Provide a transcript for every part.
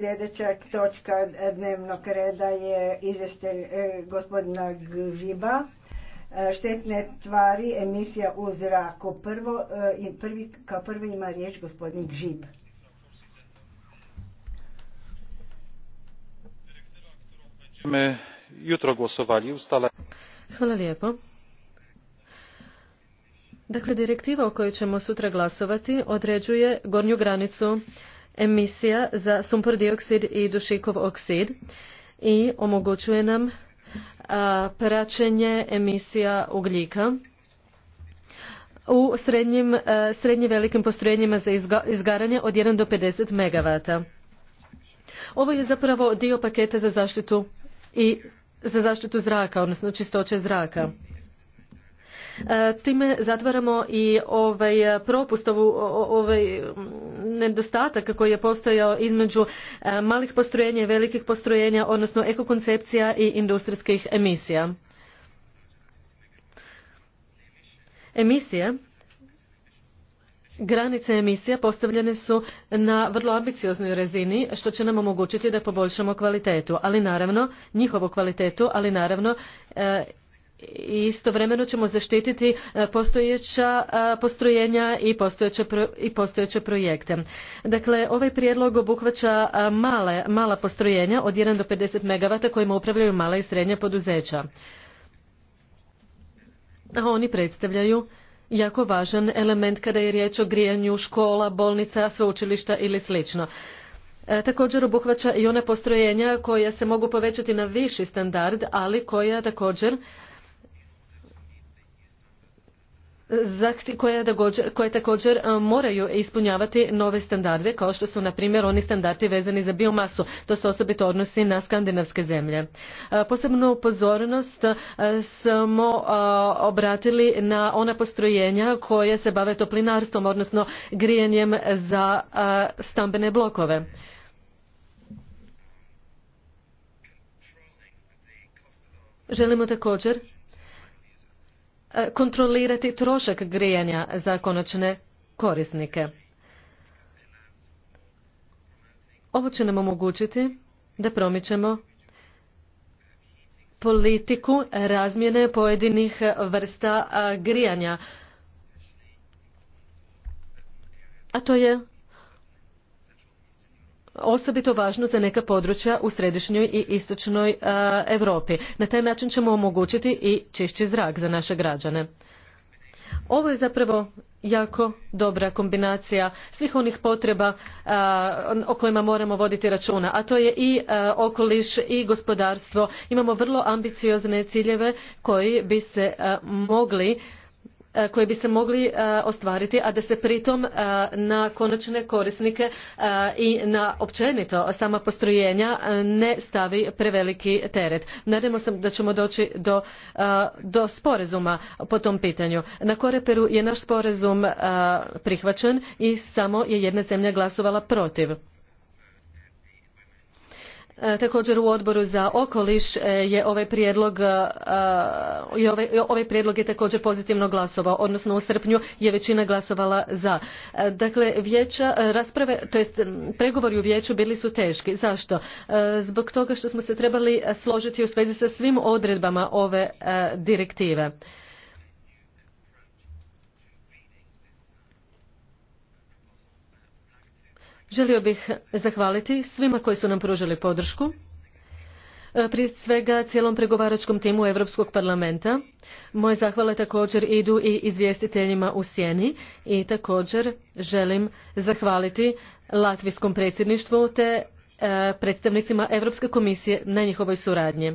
Sljedeća točka dnevnog reda je izvještaj e, gospodina Gžiba. E, štetne tvari, emisija u zraku. Prvo, e, kao prvi ima riječ gospodin Gžib. jutro Hvala lijepo. Dakle, direktiva o kojoj ćemo sutra glasovati određuje gornju granicu emisija za sumpor dioksid i dušikov oksid i omogućuje nam praćenje emisija ugljika u srednjim, velikim postrojenjima za izgaranje od 1 do 50 MW. Ovo je zapravo dio paketa za zaštitu i za zaštitu zraka, odnosno čistoće zraka. E, time zatvaramo i ovaj propust, ovaj nedostatak koji je postojao između e, malih postrojenja i velikih postrojenja, odnosno ekokoncepcija i industrijskih emisija. Emisije Granice emisija postavljene su na vrlo ambicioznoj razini što će nam omogućiti da poboljšamo kvalitetu, ali naravno, njihovu kvalitetu, ali naravno e, i istovremeno ćemo zaštititi e, postojeća e, postrojenja i postojeće, i postojeće projekte. Dakle, ovaj prijedlog obuhvaća e, male, mala postrojenja od 1 do 50 MW kojima upravljaju mala i srednja poduzeća. A oni predstavljaju jako važan element kada je riječ o grijanju škola, bolnica, sveučilišta ili slično. Također obuhvaća i ona postrojenja koja se mogu povećati na viši standard, ali koja također koje, koje također e, moraju ispunjavati nove standarde kao što su na primjer oni standardi vezani za biomasu. To se osobito odnosi na skandinavske zemlje. E, posebnu pozornost e, smo obratili na ona postrojenja koje se bave toplinarstvom, odnosno grijanjem za stambene blokove. Želimo također E, kontrolirati trošak grijanja za konačne korisnike. Ovo će nam omogućiti da promičemo politiku razmjene pojedinih vrsta grijanja. A to je osobito važno za neka područja u središnjoj i istočnoj e, Europi. Na taj način ćemo omogućiti i čišći zrak za naše građane. Ovo je zapravo jako dobra kombinacija svih onih potreba e, o kojima moramo voditi računa, a to je i e, okoliš i gospodarstvo. Imamo vrlo ambiciozne ciljeve koji bi se mogli E, koji bi se mogli e, ostvariti, a da se pritom e, na konačne korisnike i na općenito sama postrojenja ne stavi preveliki teret. Nadamo se da ćemo doći do, do sporazuma po tom pitanju. Na Koreperu je naš sporazum prihvaćen i samo je jedna zemlja glasovala protiv. E, također u odboru za okoliš e, je ovaj prijedlog e, i ovaj, ovaj prijedlog je također pozitivno glasovao, odnosno u srpnju je većina glasovala za. Dakle, vijeća rasprave, to jest pregovori u vijeću bili su teški. Zašto? Zbog toga što smo se trebali složiti u svezi sa svim odredbama ove direktive. Želio bih zahvaliti svima koji su nam pružili podršku, e, prije svega cijelom pregovaračkom timu Europskog parlamenta. Moje zahvale također idu i izvjestiteljima u Sjeni i također želim zahvaliti Latvijskom predsjedništvu te e, predstavnicima Europske komisije na njihovoj suradnji.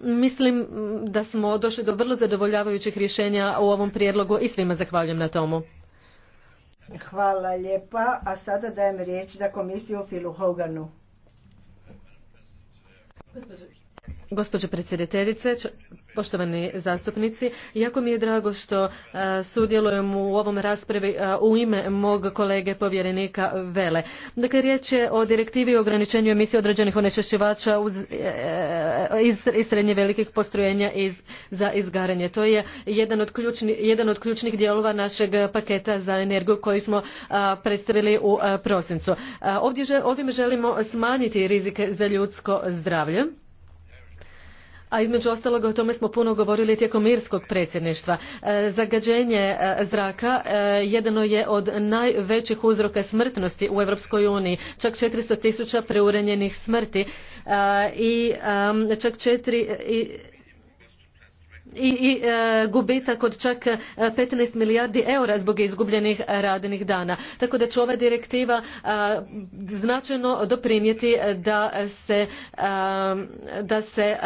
Mislim da smo došli do vrlo zadovoljavajućih rješenja u ovom prijedlogu i svima zahvaljujem na tomu. Hvala lijepa. A sada dajem riječ za komisiju Filu Hoganu. Gospođo predsjedateljice, Poštovani zastupnici, jako mi je drago što e, sudjelujem u ovom raspravi e, u ime mog kolege povjerenika Vele. Dakle, riječ je o direktivi o ograničenju emisije određenih onečišćivača e, iz srednje velikih postrojenja za izgaranje. To je jedan od, jedan od ključnih dijelova našeg paketa za energiju koji smo predstavili u prosincu. Ovdje, ovim želimo smanjiti rizike za ljudsko zdravlje a između ostaloga o tome smo puno govorili tijekom irskog predsjedništva. E, zagađenje e, zraka e, jedno je od najvećih uzroka smrtnosti u Europskoj uniji, čak 400 tisuća preurenjenih smrti i čak 4 i, i e, gubitak od čak 15 e, milijardi eura zbog izgubljenih radnih dana. Tako da će ova direktiva značajno doprinijeti e, da se, da, se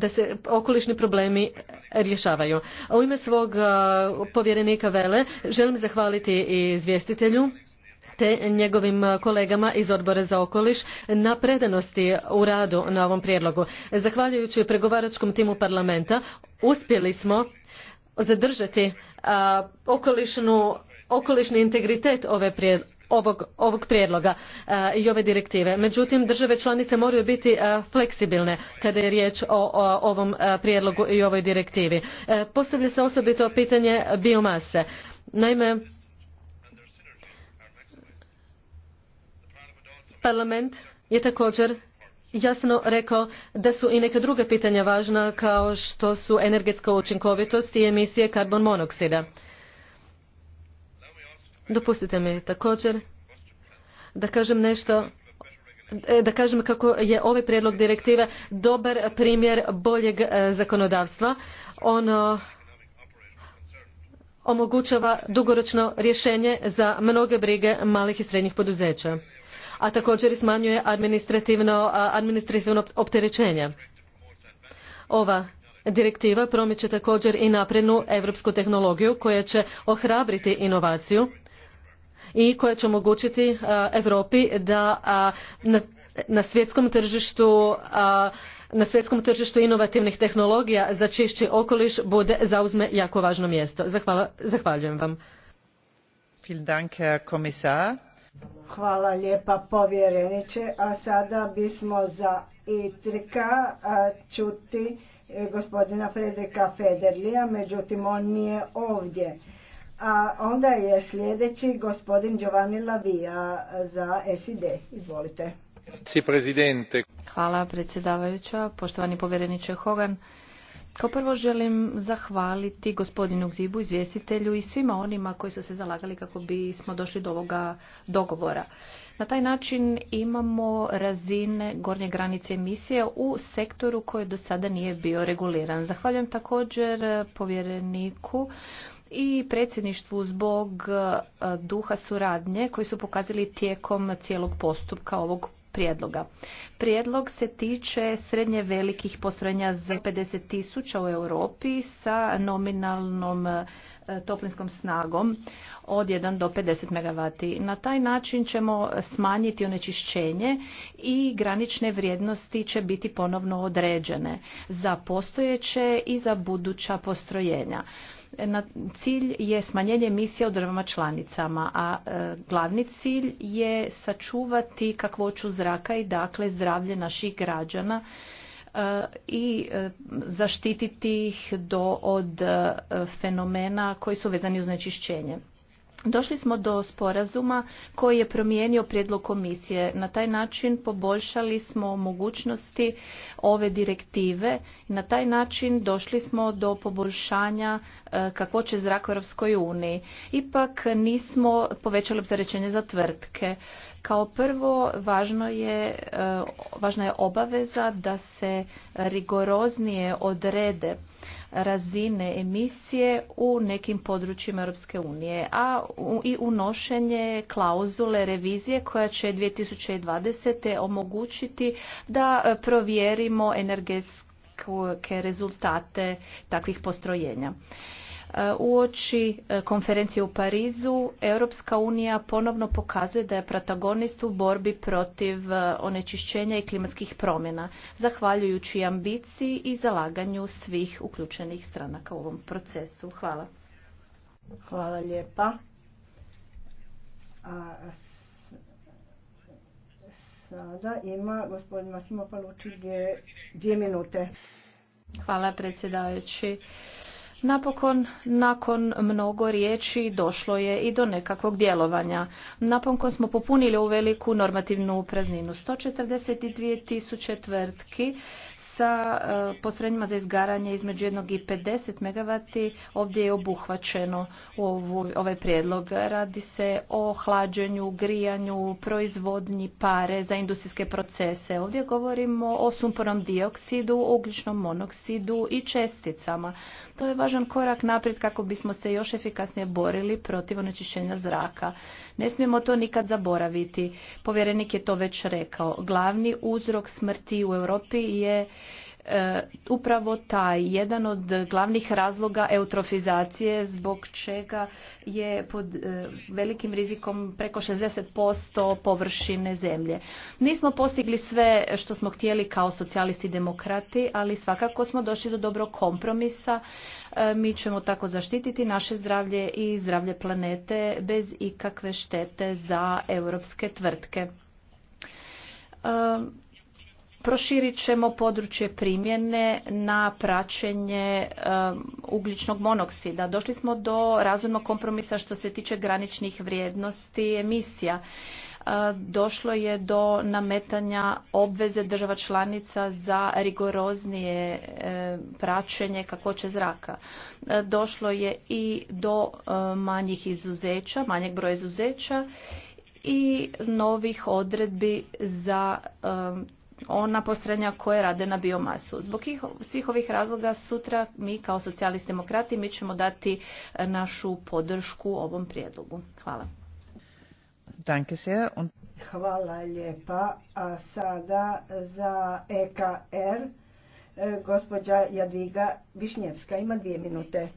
da se okolišni problemi rješavaju. U ime svog povjerenika Vele želim zahvaliti i izvjestitelju te njegovim kolegama iz odbora za okoliš na predanosti u radu na ovom prijedlogu. Zahvaljujući pregovaračkom timu parlamenta uspjeli smo zadržati okolišni integritet ove ovog, prijedloga i ove direktive. Međutim, države članice moraju biti fleksibilne kada je riječ o, o ovom prijedlogu i ovoj direktivi. Postavlja se osobito pitanje biomase. Naime, parlament je također jasno rekao da su i neka druga pitanja važna kao što su energetska učinkovitost i emisije karbon monoksida. Dopustite mi također da kažem nešto e, da kažem kako je ovaj prijedlog direktive dobar primjer boljeg e, zakonodavstva. Ono omogućava dugoročno rješenje za mnoge brige malih i srednjih poduzeća a također i smanjuje administrativno, administrativno opterećenje. Ova direktiva promiče također i naprednu europsku tehnologiju koja će ohrabriti inovaciju i koja će omogućiti Europi da na, svjetskom tržištu inovativnih tehnologija za čišći okoliš bude zauzme jako važno mjesto. zahvaljujem vam. Dank, Herr Hvala lijepa povjereniče. A sada bismo za Itrika čuti e, gospodina Fredrika Federlija, međutim on nije ovdje. A onda je sljedeći gospodin Giovanni Lavija za SID. Izvolite. Hvala predsjedavajuća, poštovani povjereniče Hogan. Kao prvo želim zahvaliti gospodinu Zibu, izvjestitelju i svima onima koji su se zalagali kako bismo došli do ovoga dogovora. Na taj način imamo razine gornje granice emisije u sektoru koji do sada nije bio reguliran. Zahvaljujem također povjereniku i predsjedništvu zbog eh, duha suradnje koji su pokazali tijekom cijelog postupka ovog prijedloga. Prijedlog se tiče srednje velikih postrojenja za 50 tisuća u Europi sa nominalnom e, toplinskom snagom od 1 do 50 MW. Na taj način ćemo smanjiti onečišćenje i granične vrijednosti će biti ponovno određene za postojeće i za buduća postrojenja. Cilj je smanjenje emisija u državama članicama, a e, glavni cilj je sačuvati kakvoću zraka i dakle zdravlje naših građana e, i e, zaštititi ih do, od fenomena koji su vezani uz nečišćenje. Došli smo do sporazuma koji je promijenio prijedlog komisije. Na taj način poboljšali smo mogućnosti ove direktive i na taj način došli smo do poboljšanja e, kakvoće zraka u Europskoj uniji. Ipak nismo povećali opterećenje za tvrtke. Kao prvo važno je, e, važna je obaveza da se rigoroznije odrede razine emisije u nekim područjima Europske unije, a i unošenje klauzule revizije koja će 2020. omogućiti da e, provjerimo energetske rezultate takvih postrojenja. E, Uoči e, konferencije u Parizu Europska unija ponovno pokazuje da je protagonist u borbi protiv e, onečišćenja i klimatskih promjena, zahvaljujući ambiciji i zalaganju svih uključenih stranaka u ovom procesu. Hvala. Hvala lijepa. sada ima gospodin Masimo Palučić dvije minute. Hvala predsjedavajući. Napokon, nakon mnogo riječi, došlo je i do nekakvog djelovanja. Napokon smo popunili u veliku normativnu prazninu. 142 tisuće tvrtki sa e, postrojenjima za izgaranje između jednog i 50 MW ovdje je obuhvaćeno u ovaj prijedlog. Radi se o hlađenju, grijanju, proizvodnji pare za industrijske procese. Ovdje govorimo o sumpornom dioksidu, ugljičnom monoksidu i česticama. To je važan korak naprijed kako bismo se još efikasnije borili protiv onečišćenja zraka. Ne smijemo to nikad zaboraviti. Povjerenik je to već rekao. Glavni uzrok smrti u Europi je E, upravo taj jedan od glavnih razloga eutrofizacije zbog čega je pod e, velikim rizikom preko 60% površine zemlje. Nismo postigli sve što smo htjeli kao socijalisti i demokrati, ali svakako smo došli do dobrog kompromisa. E, mi ćemo tako zaštititi naše zdravlje i zdravlje planete bez ikakve štete za europske tvrtke Proširit ćemo područje primjene na praćenje um, ugljičnog monoksida. Došli smo do razumnog kompromisa što se tiče graničnih vrijednosti emisija uh, došlo je do nametanja obveze država članica za rigoroznije um, praćenje kakvoće zraka. Uh, došlo je i do um, manjih izuzeća, manjeg broja izuzeća i novih odredbi za ona postrojenja koje rade na biomasu. Zbog svih ovih razloga sutra mi kao socijalist demokrati mi ćemo dati e, našu podršku ovom prijedlogu. Hvala. Hvala lijepa. A sada za EKR e, gospođa Jadviga Višnjevska ima dvije minute.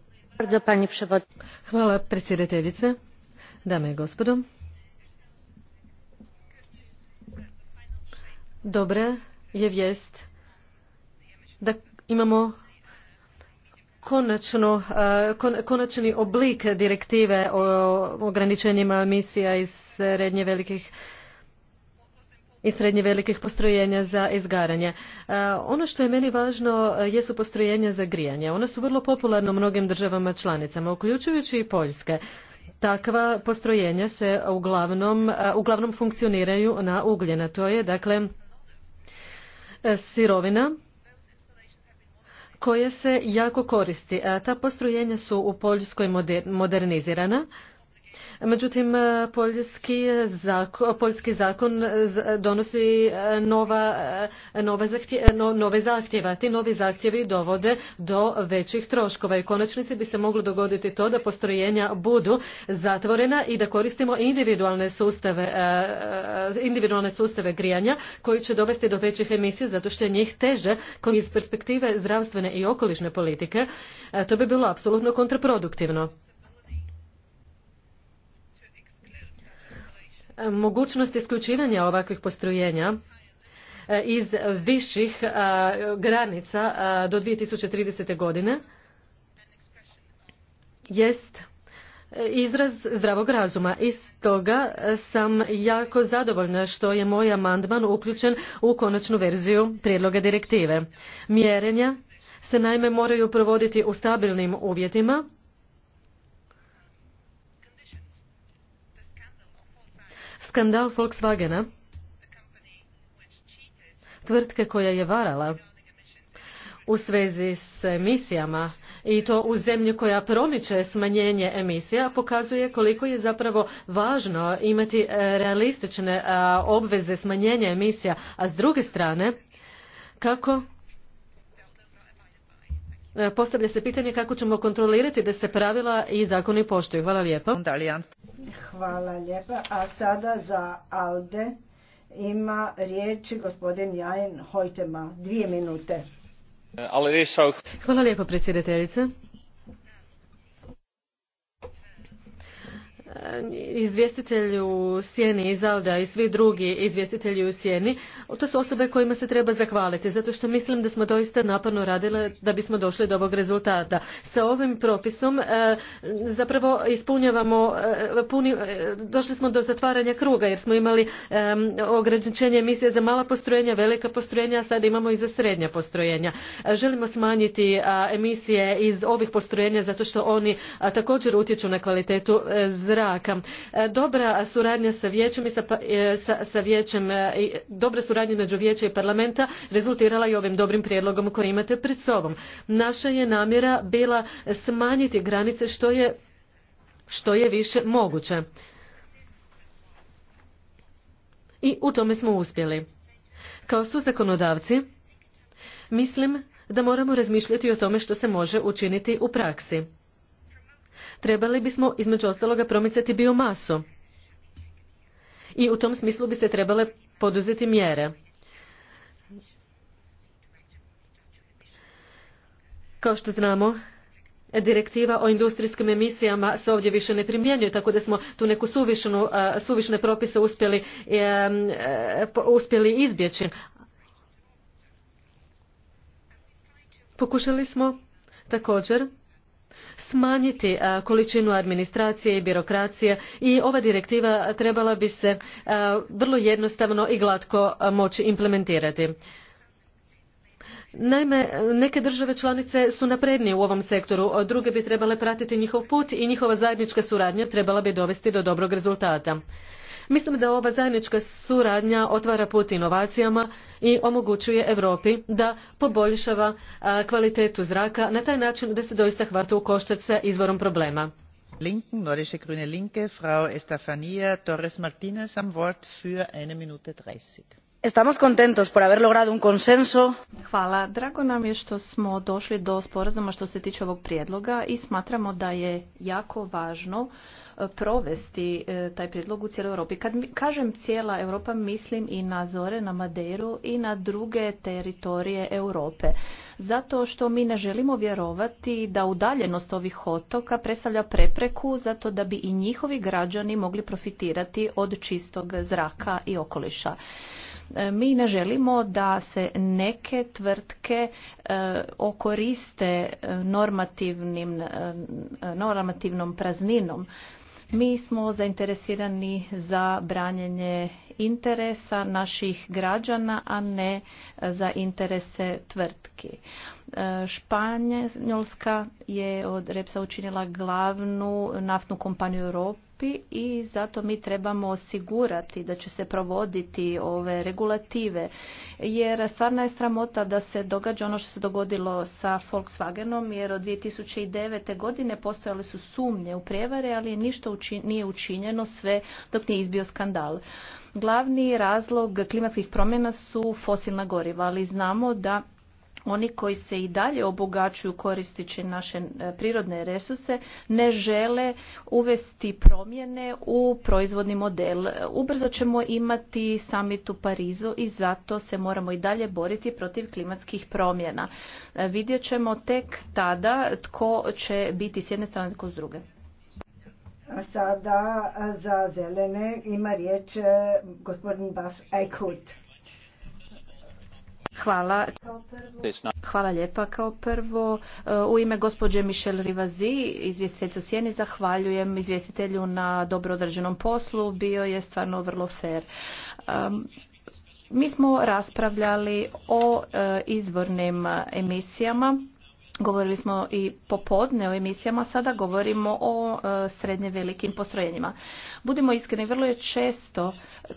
Hvala predsjedateljice, dame i gospodo. dobra je vijest da imamo konačno, eh, konačni oblik direktive o ograničenjima emisija iz srednje velikih i srednje velikih postrojenja za izgaranje. Eh, ono što je meni važno eh, jesu postrojenja za grijanje. Ona su vrlo popularna u mnogim državama članicama, uključujući i Poljske. Takva postrojenja se uglavnom, uglavnom funkcioniraju na ugljena. To je, dakle, E, sirovina koje se jako koristi. E, ta postrojenja su u Poljskoj modernizirana Međutim, e, poljski zakon, poljski e, zakon donosi e, nova, nove, zahtje, nove zahtjeva. Ti novi zahtjevi dovode do većih troškova i konačnici bi se moglo dogoditi to da postrojenja budu zatvorena i da koristimo individualne sustave, individualne sustave grijanja koji će dovesti do većih emisija zato što je njih teže iz perspektive zdravstvene i okolišne politike. To bi bilo apsolutno kontraproduktivno. E, mogućnost isključivanja ovakvih postrojenja e, iz viših e, granica do 2030. godine jest izraz zdravog razuma i stoga sam jako zadovoljna što je moj amandman uključen u konačnu verziju prijedloga direktive mjerenja se naime moraju provoditi u stabilnim uvjetima Skandal Volkswagena, tvrtke koja je varala u svezi s emisijama i to u zemlji koja promiče smanjenje emisija pokazuje koliko je zapravo važno imati e, realistične obveze smanjenja emisija, a s druge strane kako E, postavlja se pitanje kako ćemo kontrolirati da se pravila i zakoni poštuju. Hvala lijepa. Hvala lijepa. A sada za Alde ima riječ gospodin Jajn Hojtema. Dvije minute. Hvala lijepo predsjedateljice. Eh, izvjestitelju u sjeni iz i svi drugi izvjestitelji u sjeni, to su osobe kojima se treba zahvaliti, zato što mislim da smo doista naporno radile da bismo došli do ovog rezultata. Sa ovim propisom eh, zapravo ispunjavamo, eh, došli smo do zatvaranja kruga jer smo imali ograničenje emisije za mala postrojenja, velika postrojenja, a sada imamo i za srednja postrojenja. Želimo smanjiti emisije iz ovih postrojenja zato što oni također utječu na kvalitetu zraka E, dobra suradnja sa vijećem i sa, pa- e, vijećem, e, dobra suradnja među vijeća i parlamenta rezultirala i ovim dobrim prijedlogom koji imate pred sobom. Naša je namjera bila smanjiti granice što je, što je više moguće. I u tome smo uspjeli. Kao su zakonodavci, mislim da moramo razmišljati o tome što se može učiniti u praksi trebali bismo između ostaloga promicati biomasu. I u tom smislu bi se trebale poduzeti mjere. Kao što znamo, direktiva o industrijskim emisijama se ovdje više ne primjenjuje tako da smo tu neku suvišnu, suvišne propise uspjeli, e, uspjeli izbjeći pokušali smo također smanjiti količinu administracije i birokracije i ova direktiva trebala bi se vrlo jednostavno i glatko moći implementirati. Naime, neke države članice su naprednije u ovom sektoru, druge bi trebale pratiti njihov put i njihova zajednička suradnja trebala bi dovesti do dobrog rezultata. Mislim da ova zajednička suradnja otvara put inovacijama i omogućuje Europi da poboljšava kvalitetu zraka na taj način da se doista hvata u koštac sa izvorom problema. Linken, Nordische Grüne Linke, Frau Estefania Torres Martinez am Wort für eine Minute 30. Estamos contentos por haber logrado un consenso. Hvala. Drago nam je što smo došli do sporazuma što se tiče ovog prijedloga i smatramo da je jako važno e, provesti e, taj prijedlog u cijeloj Europi. Kad kažem cijela Europa, mislim i na Zore, na Maderu i na druge teritorije Europe. Zato što mi ne želimo vjerovati da udaljenost ovih otoka predstavlja prepreku zato da bi i njihovi građani mogli profitirati od čistog zraka i okoliša. E, mi ne želimo da se neke tvrtke e, okoriste e, normativnom prazninom. Mi smo zainteresirani za branjenje interesa naših građana, a ne za interese tvrtki. Španjolska je od Repsa učinila glavnu naftnu kompaniju Europe i zato mi trebamo osigurati da će se provoditi ove regulative. Jer stvarna je sramota da se događa ono što se dogodilo sa Volkswagenom jer od 2009. godine postojale su sumnje u prijevare, ali ništa nije učinjeno sve dok nije izbio skandal. Glavni razlog klimatskih promjena su fosilna goriva, ali znamo da oni koji se i dalje obogaćuju koristeći naše e, prirodne resurse ne žele uvesti promjene u proizvodni model. Ubrzo ćemo imati summit u Parizu i zato se moramo i dalje boriti protiv klimatskih promjena. E, vidjet ćemo tek tada tko će biti s jedne strane tko s druge. A sada za zelene ima riječ e, gospodin Bas Eichhut. Hvala. Hvala lijepa. Kao prvo, e, u ime gospođe Michel Rivazi, izvjestiteljicu Sjeni, zahvaljujem izvjestitelju na dobro određenom poslu. Bio je stvarno vrlo fair. mi smo raspravljali o e, izvornim emisijama Govorili smo i popodne o emisijama, sada govorimo o e, srednje velikim postrojenjima. Budimo iskreni, vrlo je često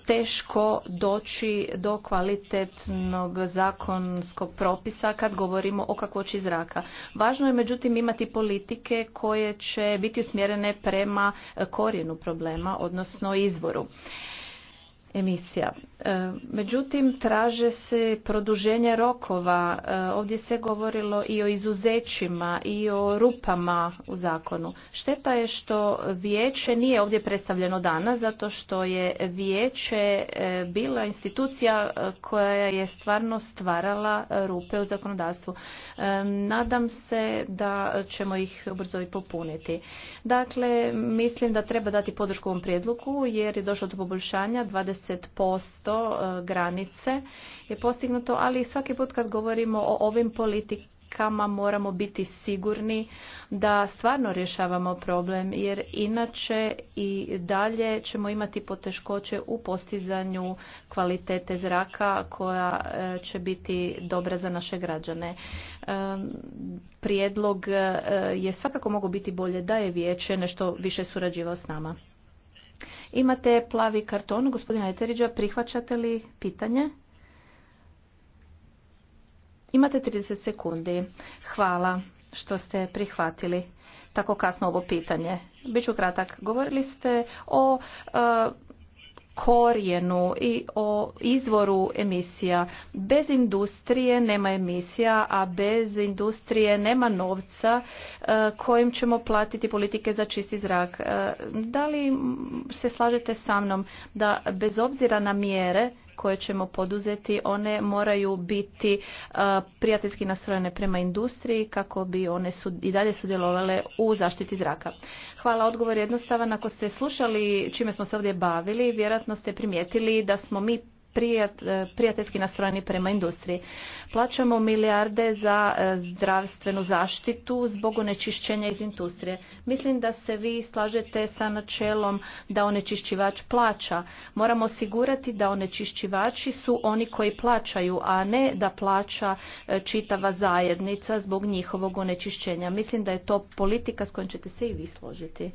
teško doći do kvalitetnog zakonskog propisa kad govorimo o kakvoći zraka. Važno je međutim imati politike koje će biti usmjerene prema korijenu problema, odnosno izvoru emisija. E, međutim, traže se produženje rokova. E, ovdje se govorilo i o izuzećima i o rupama u zakonu. Šteta je što vijeće nije ovdje predstavljeno danas zato što je vijeće e, bila institucija koja je stvarno stvarala rupe u zakonodavstvu. Nadam se da ćemo ih brzo i popuniti. Dakle, mislim da treba dati podršku ovom prijedlogu jer je došlo do poboljšanja 20 posto e, granice je postignuto, ali svaki put kad govorimo o ovim politikama moramo biti sigurni da stvarno rješavamo problem jer inače i dalje ćemo imati poteškoće u postizanju kvalitete zraka koja e, će biti dobra za naše građane. E, prijedlog je svakako mogu biti bolje da je vijeće nešto više surađivao s nama. Imate plavi karton, gospodina Eteriđa, prihvaćate li pitanje? Imate 30 sekundi. Hvala što ste prihvatili tako kasno ovo pitanje. Biću kratak. Govorili ste o e, korijenu i o izvoru emisija. Bez industrije nema emisija, a bez industrije nema novca e, kojim ćemo platiti politike za čisti zrak. E, da li se slažete sa mnom da bez obzira na mjere koje ćemo poduzeti, one moraju biti e, prijateljski nastrojene prema industriji kako bi one i dalje sudjelovale u zaštiti zraka. Hvala, odgovor je jednostavan. Ako ste slušali čime smo se ovdje bavili, vjerojatno ste primijetili da smo mi E, prijateljski nastrojeni prema industriji. Plaćamo milijarde za e, zdravstvenu zaštitu zbog onečišćenja iz industrije. Mislim da se vi slažete sa načelom da onečišćivač plaća. Moramo osigurati da onečišćivači su oni koji plaćaju, a ne da plaća e, čitava zajednica zbog njihovog onečišćenja. Mislim da je to politika s kojom ćete se i vi složiti.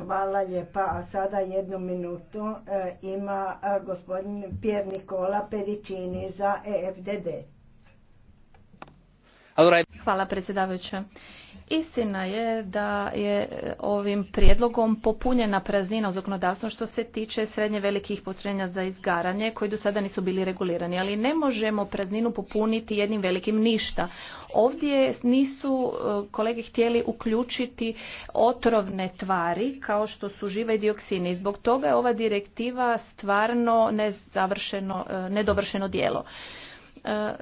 Hvala lijepa. A sada jednu minutu e, ima e, gospodin Pier Nikola Pedicini za EFDD. Hvala predsjedavajuća. Istina je da je e, ovim prijedlogom popunjena praznina u zakonodavstvu što se tiče srednje velikih postrojenja za izgaranje koji do sada nisu bili regulirani, ali ne možemo prazninu popuniti jednim velikim ništa. Ovdje nisu e, kolege htjeli uključiti otrovne tvari kao što su žive i dioksini. Zbog toga je ova direktiva stvarno e, nedovršeno dijelo. E,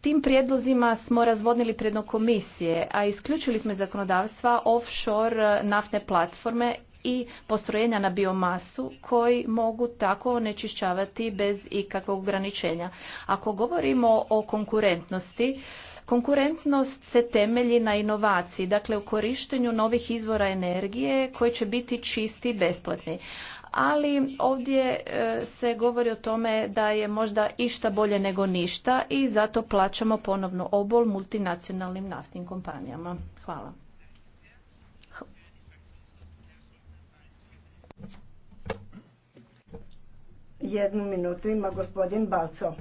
tim prijedlozima smo razvodnili predno komisije, a isključili smo iz zakonodavstva offshore naftne platforme i postrojenja na biomasu koji mogu tako onečišćavati bez ikakvog ograničenja. Ako govorimo o konkurentnosti, Konkurentnost se temelji na inovaciji, dakle u korištenju novih izvora energije koji će biti čisti i besplatni ali ovdje e, se govori o tome da je možda išta bolje nego ništa i zato plaćamo ponovno obol multinacionalnim naftnim kompanijama. Hvala. Jednu minutu ima gospodin Balco.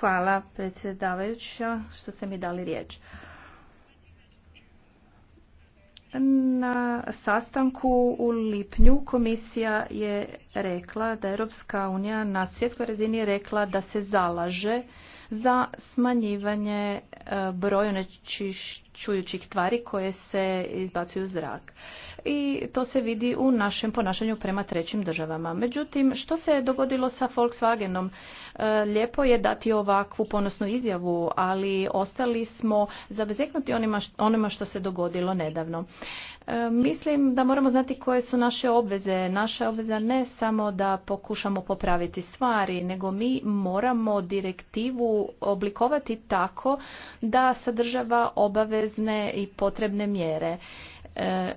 Hvala predsjedavajuća što ste mi dali riječ. Na sastanku u lipnju komisija je rekla da Europska unija na svjetskoj razini je rekla da se zalaže za smanjivanje e, broja onečišćenja onečišćujućih tvari koje se izbacuju u zrak. I to se vidi u našem ponašanju prema trećim državama. Međutim, što se je dogodilo sa Volkswagenom? E, lijepo je dati ovakvu ponosnu izjavu, ali ostali smo zabezeknuti onima, što se dogodilo nedavno. E, mislim da moramo znati koje su naše obveze. Naša obveza ne samo da pokušamo popraviti stvari, nego mi moramo direktivu oblikovati tako da sadržava obaveze i potrebne mjere. E,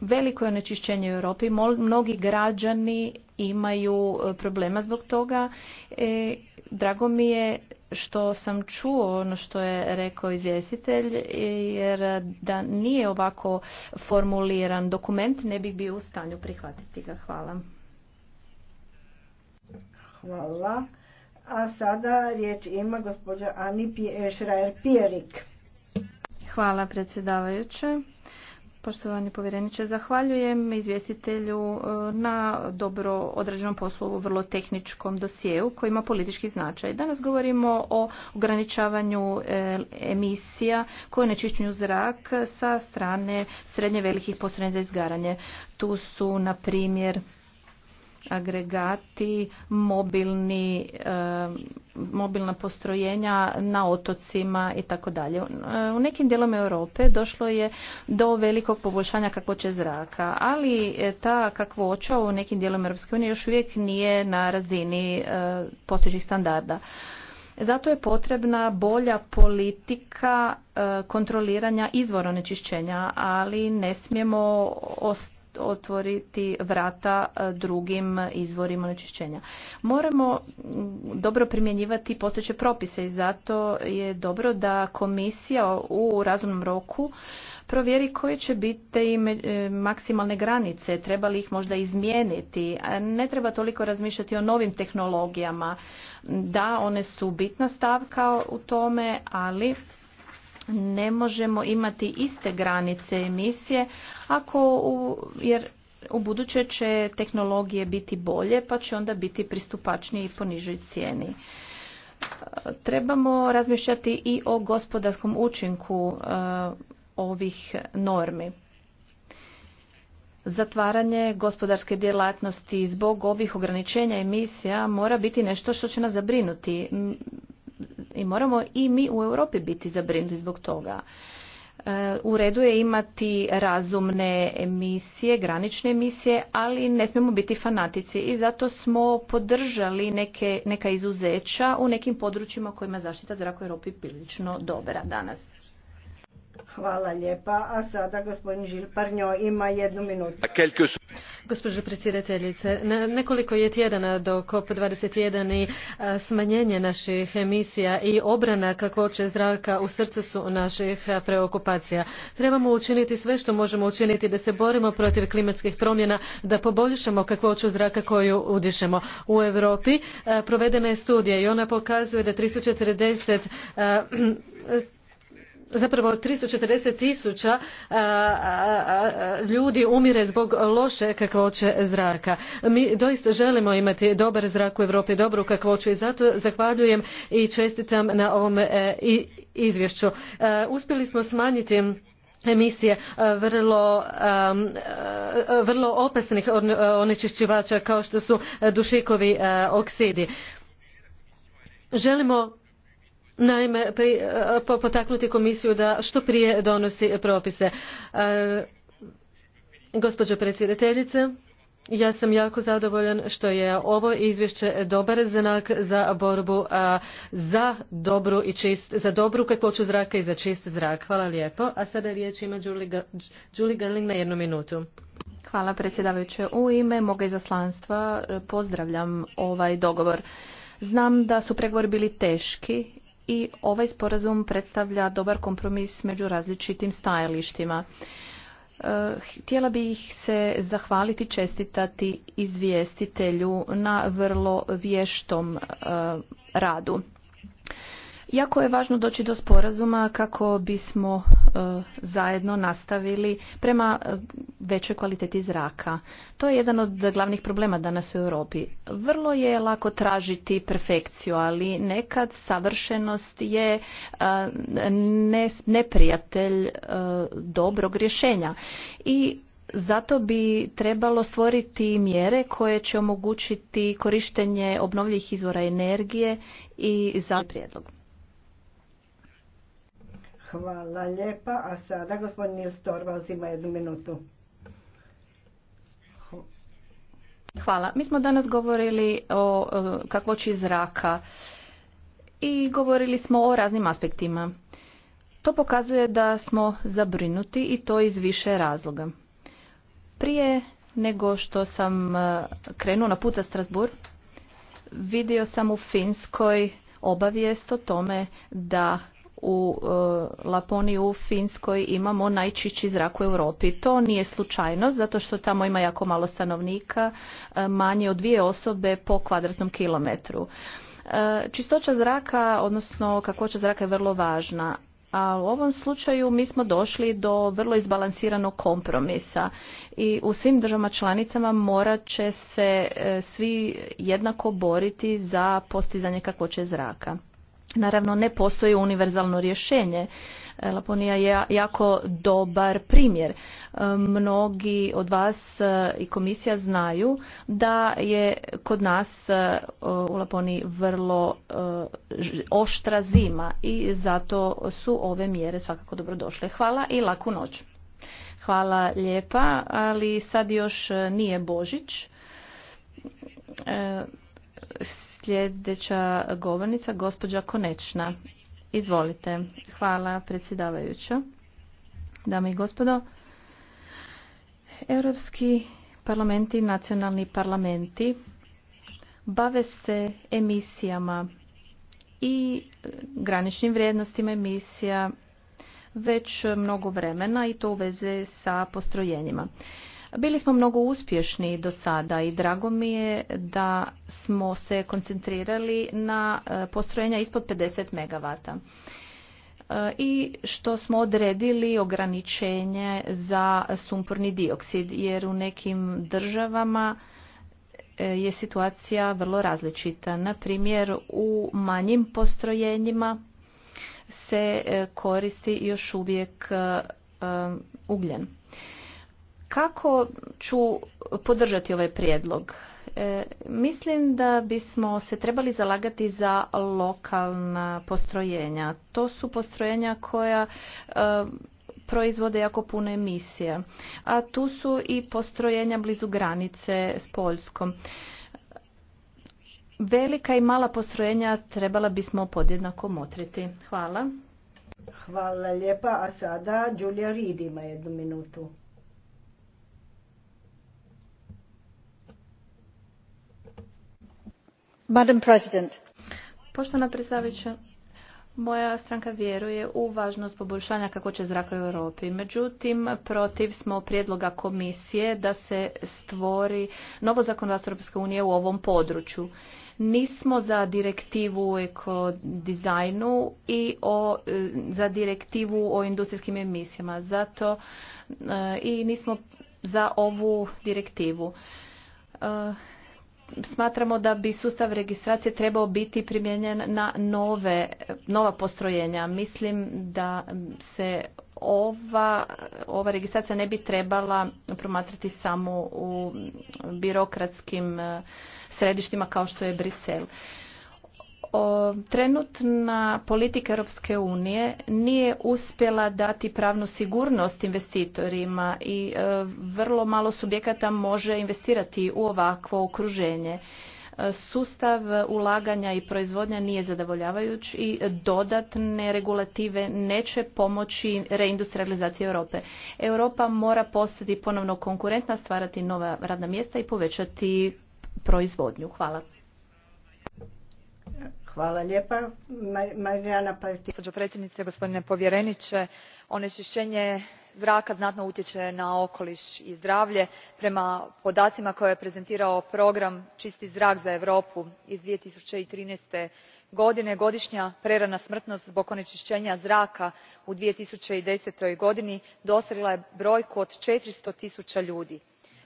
veliko je onečišćenje u Europi, mnogi građani imaju e, problema zbog toga. E, drago mi je što sam čuo ono što je rekao izvjestitelj, jer da nije ovako formuliran dokument, ne bih bio u stanju prihvatiti ga. Hvala. Hvala. A sada riječ ima gospođa Ani šrajer Hvala predsjedavajuće. Poštovani povjereniče, zahvaljujem izvjestitelju e, na dobro određenom poslu vrlo tehničkom dosjeu koji ima politički značaj. Danas govorimo o ograničavanju e, emisija koje nečišćuju zrak sa strane srednje velikih postrojenja za izgaranje. Tu su, na primjer, agregati, mobilni, mobilna postrojenja na otocima i tako dalje. U nekim dijelom Europe došlo je do velikog poboljšanja kakvoće zraka, ali ta kakvoća u nekim dijelom Europske unije još uvijek nije na razini e, postojećih standarda. Zato je potrebna bolja politika e, kontroliranja izvora onečišćenja, ali ne smijemo ostaviti otvoriti vrata e, drugim izvorima onečišćenja. Moramo mm, dobro primjenjivati postojeće propise i zato je dobro da komisija u razumnom roku provjeri koje će biti e, maksimalne granice, treba li ih možda izmijeniti. Ne treba toliko razmišljati o novim tehnologijama. Da, one su bitna stavka u tome, ali ne možemo imati iste granice emisije ako u, jer u buduće će tehnologije biti bolje pa će onda biti pristupačnije i po nižoj cijeni. E, trebamo razmišljati i o gospodarskom učinku e, ovih normi. Zatvaranje gospodarske djelatnosti zbog ovih ograničenja emisija mora biti nešto što će nas zabrinuti i moramo i mi u Europi biti zabrinuti zbog toga. E, u redu je imati razumne emisije, granične emisije, ali ne smijemo biti fanatici i zato smo podržali neke, neka izuzeća u nekim područjima kojima zaštita zraka u Europi prilično dobra danas. Hvala lijepa. A sada gospodin Žilparnjo ima jednu minutu. Gospođo predsjedateljice, nekoliko je tjedana do COP21 i smanjenje naših emisija i obrana kakvoće zraka u srcu su naših preokupacija. Trebamo učiniti sve što možemo učiniti da se borimo protiv klimatskih promjena, da poboljšamo kakvoću zraka koju udišemo. U Europi provedena je studija i ona pokazuje da 340 zapravo 340 tisuća ljudi umire zbog loše kakvoće zraka. Mi doista želimo imati dobar zrak u Europi, dobru kakvoću i zato zahvaljujem i čestitam na ovom e, izvješću. E, uspjeli smo smanjiti emisije e, vrlo, vrlo opasnih onečišćivača kao što su dušikovi oksidi. Želimo naime e, potaknuti komisiju da što prije donosi propise. E, gospođo predsjedateljice, ja sam jako zadovoljan što je ovo izvješće dobar znak za borbu za dobru i čist, za dobru kakvoću zraka i za čist zrak. Hvala lijepo. A sada riječ ima Julie Gerling na jednu minutu. Hvala predsjedavajuće. U ime moga izaslanstva e, pozdravljam ovaj dogovor. Znam da su pregovori bili teški i ovaj sporazum predstavlja dobar kompromis među različitim stajalištima. E, htjela bih se zahvaliti, čestitati izvjestitelju na vrlo vještom e, radu. Jako je važno doći do sporazuma kako bismo e, zajedno nastavili prema e, većoj kvaliteti zraka. To je jedan od glavnih problema danas u Europi. Vrlo je lako tražiti perfekciju, ali nekad savršenost je e, neprijatelj dobrog rješenja. I zato bi trebalo stvoriti mjere koje će omogućiti korištenje obnovljivih izvora energije i za prijedlog. Hvala lijepa. A sada gospodin Nils Torvalds ima jednu minutu. Hvala. Mi smo danas govorili o kakvoći zraka i govorili smo o raznim aspektima. To pokazuje da smo zabrinuti i to iz više razloga. Prije nego što sam e, krenuo na put za Strasbourg, vidio sam u Finskoj obavijest o tome da u e, Laponiji u Finskoj imamo najčišći zrak u Europi. To nije slučajnost zato što tamo ima jako malo stanovnika, e, manje od dvije osobe po kvadratnom kilometru. E, čistoća zraka, odnosno kakvoća zraka je vrlo važna, a u ovom slučaju mi smo došli do vrlo izbalansiranog kompromisa i u svim državama članicama morat će se svi jednako boriti za postizanje kakvoće zraka. Naravno, ne postoji univerzalno rješenje. E, Laponija je jako dobar primjer. E, Mnogi od vas e, i komisija znaju da je kod nas u Laponiji vrlo oštra zima i zato su ove mjere svakako dobrodošle. Hvala i laku noć. Hvala lijepa, ali sad još nije Božić Sljedeća govornica, gospođa Konečna. Izvolite. Hvala predsjedavajuća. Dame i gospodo, Europski parlamenti i nacionalni parlamenti bave se emisijama i graničnim vrijednostima emisija već mnogo vremena i to u veze sa postrojenjima. Bili smo mnogo uspješni do sada i drago mi je da smo se koncentrirali na e, postrojenja ispod 50 MW e, i što smo odredili ograničenje za sumporni dioksid jer u nekim državama e, je situacija vrlo različita. Na primjer u manjim postrojenjima se koristi još uvijek ugljen. Kako ću podržati ovaj prijedlog? E, mislim da bismo se trebali zalagati za lokalna postrojenja. To su postrojenja koja e, proizvode jako puno emisije. A tu su i postrojenja blizu granice s Poljskom. Velika i mala postrojenja trebala bismo podjednako motriti. Hvala. Hvala lijepa. A sada Đulja Ridi ima jednu minutu. Madam President. Poštovana predsjedavajuća, moja stranka vjeruje u važnost poboljšanja kako će zraka u Europi. Međutim, protiv smo prijedloga komisije da se stvori novo zakonodavstvo Europske unije u ovom području. Nismo za direktivu o ekodizajnu i e, za direktivu o industrijskim emisijama. Zato e, i nismo za ovu direktivu. E, smatramo da bi sustav registracije trebao biti primijenjen na nove, nova postrojenja. Mislim da se ova, ova registracija ne bi trebala promatrati samo u birokratskim eh, središtima kao što je Brisel trenutna politika Europske unije nije uspjela dati pravnu sigurnost investitorima i e, vrlo malo subjekata može investirati u ovakvo okruženje. E, sustav ulaganja i proizvodnja nije zadovoljavajuć i dodatne regulative neće pomoći reindustrializaciji Europe. Europa mora postati ponovno konkurentna, stvarati nova radna mjesta i povećati proizvodnju. Hvala. Gospođo predsjednice, gospodine povjereniče, onečišćenje zraka znatno utječe na okoliš i zdravlje. Prema podacima koje je prezentirao program Čisti zrak za Europu iz 2013 godine godišnja prerana smrtnost zbog onečišćenja zraka u. two thousand and godini dosegla je brojku od four hundred ljudi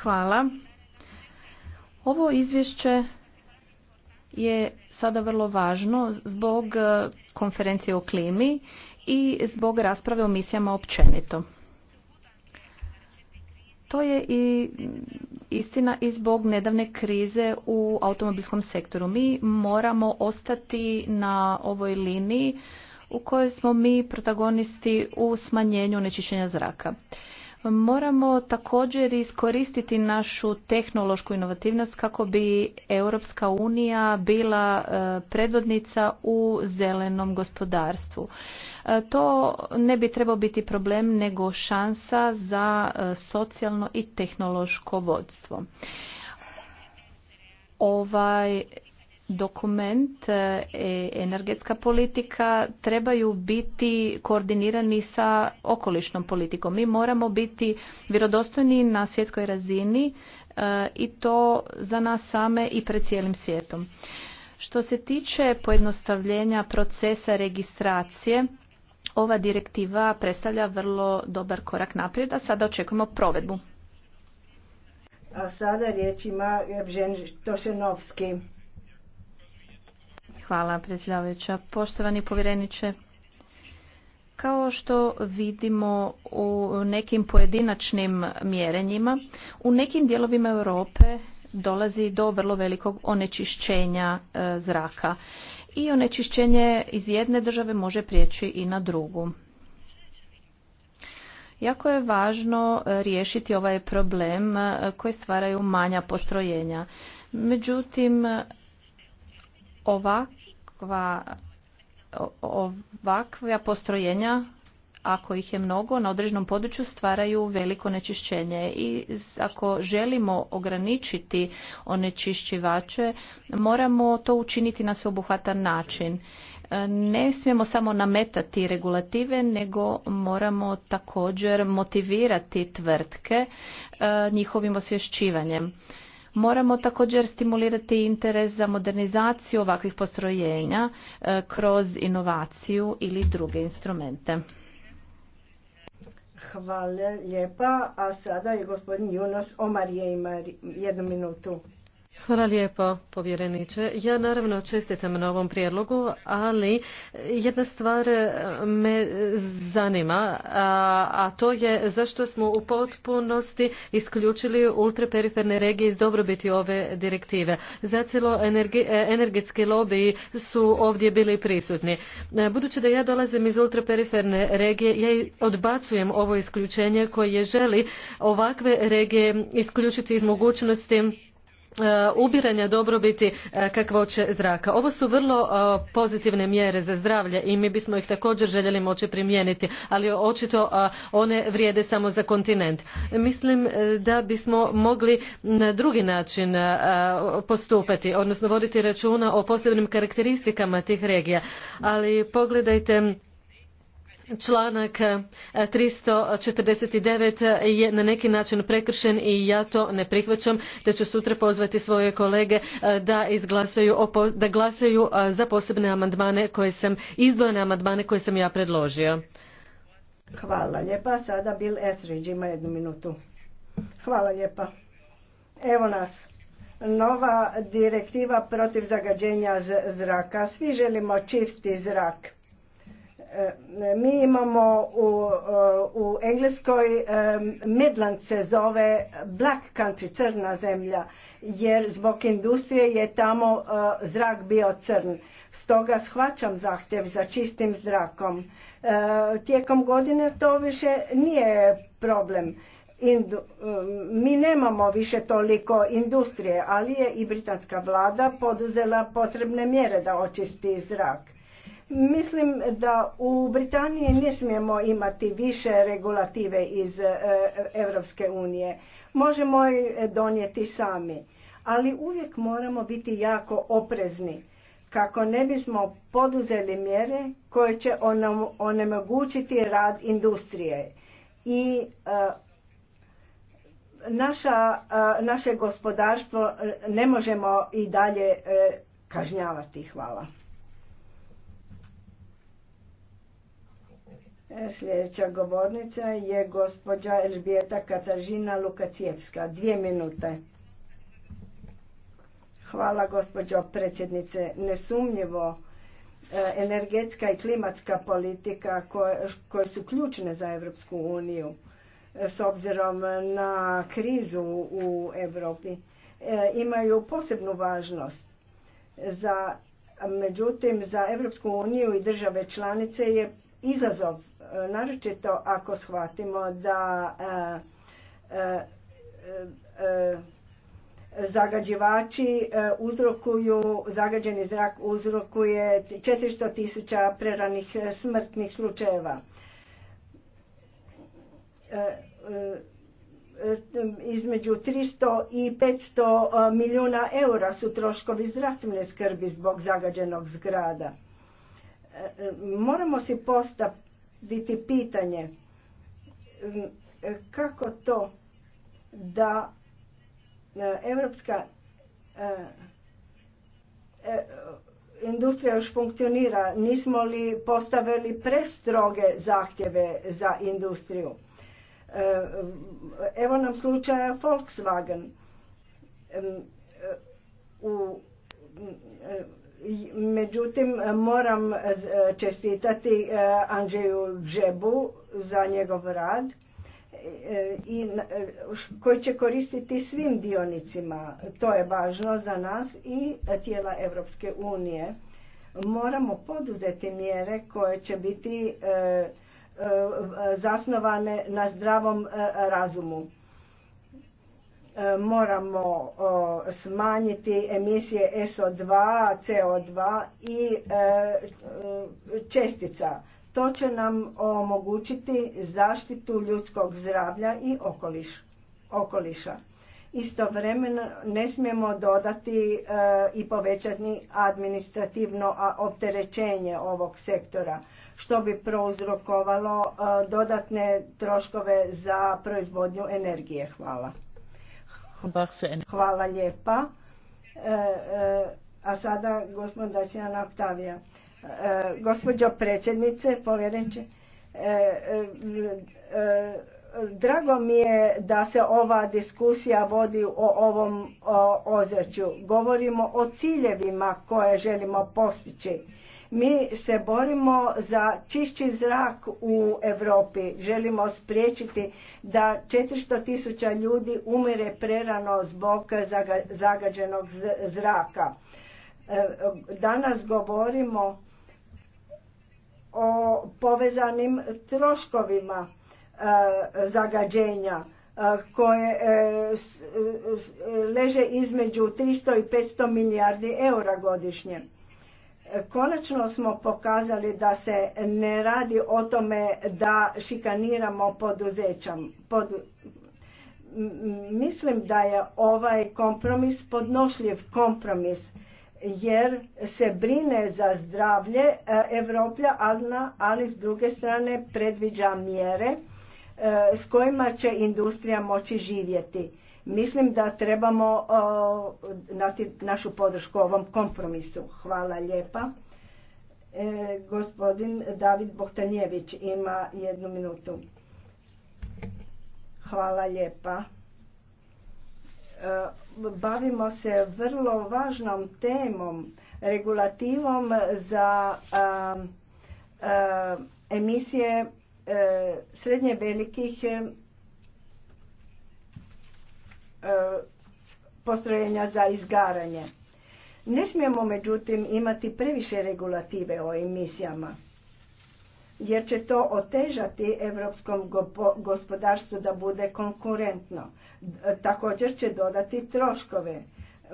Hvala. Ovo izvješće je sada vrlo važno zbog eh, konferencije o klimi i zbog rasprave o misijama općenito. To je i istina i zbog nedavne krize u automobilskom sektoru. Mi moramo ostati na ovoj liniji u kojoj smo mi protagonisti u smanjenju nečišćenja zraka. Moramo također iskoristiti našu tehnološku inovativnost kako bi Europska unija bila e, predvodnica u zelenom gospodarstvu. E, to ne bi trebao biti problem nego šansa za e, socijalno i tehnološko vodstvo. Ovaj dokument e, energetska politika trebaju biti koordinirani sa okolišnom politikom. Mi moramo biti vjerodostojni na svjetskoj razini e, i to za nas same i pred cijelim svijetom. Što se tiče pojednostavljenja procesa registracije, ova direktiva predstavlja vrlo dobar korak naprijed, a sada očekujemo provedbu. A sada riječ ima Evžen Tošenovski. Hvala predsjedavajuća. Poštovani povjereniče, kao što vidimo u nekim pojedinačnim mjerenjima, u nekim dijelovima Europe dolazi do vrlo velikog onečišćenja e, zraka i onečišćenje iz jedne države može prijeći i na drugu. Jako je važno e, riješiti ovaj problem e, koji stvaraju manja postrojenja. Međutim, ovakva ovakva postrojenja ako ih je mnogo na određenom području stvaraju veliko nečišćenje i ako želimo ograničiti onečišćivače moramo to učiniti na sveobuhvatan način. E, ne smijemo samo nametati regulative, nego moramo također motivirati tvrtke e, njihovim osvješćivanjem. Moramo također stimulirati interes za modernizaciju ovakvih postrojenja e, kroz inovaciju ili druge instrumente. Hvala lijepa, a sada je gospodin Junos ima jednu minutu. Hvala lijepo, povjereniče. Ja naravno čestitam na ovom prijedlogu, ali jedna stvar e, me zanima, a, to je zašto smo u potpunosti isključili ultraperiferne regije iz dobrobiti ove direktive. Za cijelo e, energetski lobiji su ovdje bili prisutni. E, budući da ja dolazim iz ultraperiferne regije, ja odbacujem ovo isključenje koje želi ovakve regije isključiti iz mogućnosti E, ubiranja dobrobiti e, kakvoće zraka. Ovo su vrlo e, pozitivne mjere za zdravlje i mi bismo ih također željeli moći primijeniti, ali očito one vrijede samo za kontinent. Mislim da bismo mogli na drugi način postupati, odnosno voditi računa o posebnim karakteristikama tih regija. Ali pogledajte članak 349 e, je na neki način prekršen i ja to ne prihvaćam te ću sutra pozvati svoje kolege e, da izglasaju da glasaju e, za posebne amandmane koje sam izdvojene amandmane koje sam ja predložio. Hvala lijepa. Sada Bill Etheridge ima jednu minutu. Hvala lijepa. Evo nas. Nova direktiva protiv zagađenja zraka. Svi želimo čisti zrak E, mi imamo u, e, u Engleskoj e, Midland se zove Black Country, crna zemlja, jer zbog industrije je tamo zrak bio crn. Stoga shvaćam zahtjev za čistim zrakom. Tijekom godine to više nije problem. mi nemamo više toliko industrije, ali je i britanska vlada poduzela potrebne mjere da očisti zrak Mislim da u Britaniji ne smijemo imati više regulative iz e, Europske unije. Možemo je donijeti sami, ali uvijek moramo biti jako oprezni kako ne bismo poduzeli mjere koje će onemogućiti rad industrije i e, naša, e, naše gospodarstvo ne možemo i dalje kažnjavati. Hvala. Sljedeća govornica je gospođa Elžbijeta Katažina Lukacijevska. Dvije minute. Hvala gospođo predsjednice. Nesumnjivo e, energetska i klimatska politika koje, su ključne za Europsku uniju e, s obzirom na krizu u Europi e, imaju posebnu važnost. Za, međutim, za Europsku uniju i države članice je izazov, e, naročito ako shvatimo da e, e, zagađivači uzrokuju, zagađeni zrak uzrokuje 400 tisuća preranih smrtnih slučajeva. Između 300 i 500 milijuna eura su troškovi zdravstvene skrbi zbog zagađenog zgrada moramo si postaviti pitanje kako to da europska e, e, industrija još funkcionira, nismo li postavili prestroge zahtjeve za industriju. E, evo nam slučaja Volkswagen. U Međutim, moram e, čestitati e, Andžeju Džebu za njegov rad e, i koji će koristiti svim dionicima. To je važno za nas i tijela Europske unije. Moramo poduzeti mjere koje će biti zasnovane na zdravom razumu E, moramo smanjiti emisije SO2, CO2 i e, čestica. To će nam omogućiti zaštitu ljudskog zdravlja i okoliša. Istovremeno ne smijemo dodati e, i povećati administrativno opterećenje ovog sektora, što bi prouzrokovalo dodatne troškove za proizvodnju energije. Hvala. Hvala lijepa. E, e, a sada gospođa Sjana Oktavija. E, gospođo predsjednice, povjerenče, drago mi je da se ova diskusija vodi o ovom ozračju. Govorimo o ciljevima koje želimo postići mi se borimo za čišći zrak u Europi. Želimo spriječiti da 400 tisuća ljudi umire prerano zbog zagađenog zraka. E, danas govorimo o povezanim troškovima e, zagađenja e, koje leže između 300 i 500 milijardi eura godišnje Konačno smo pokazali da se ne radi o tome da šikaniramo poduzeća. Mislim da je ovaj kompromis podnošljiv kompromis jer se brine za zdravlje e, Evroplja, ali s druge strane predviđa mjere e, s kojima će industrija moći živjeti. Mislim da trebamo dati našu podršku ovom kompromisu. Hvala lijepa. E, gospodin David Bohtanjević ima jednu minutu. Hvala lijepa. E, bavimo se vrlo važnom temom, regulativom za emisije e, srednje velikih E, postrojenja za izgaranje. Ne smijemo međutim imati previše regulative o emisijama, jer će to otežati europskom gospodarstvu da bude konkurentno. E, također će dodati troškove.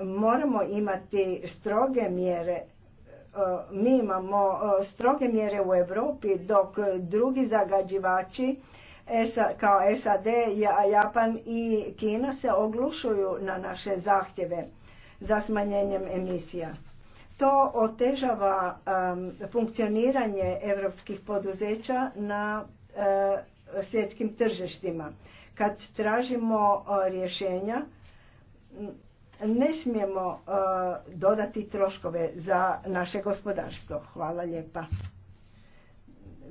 Moramo imati stroge mjere e, mi imamo stroge mjere u Europi dok drugi zagađivači kao SAD, Japan i Kina se oglušuju na naše zahtjeve za smanjenjem emisija. To otežava um, funkcioniranje europskih poduzeća na uh, svjetskim tržištima. Kad tražimo uh, rješenja, ne smijemo uh, dodati troškove za naše gospodarstvo. Hvala lijepa.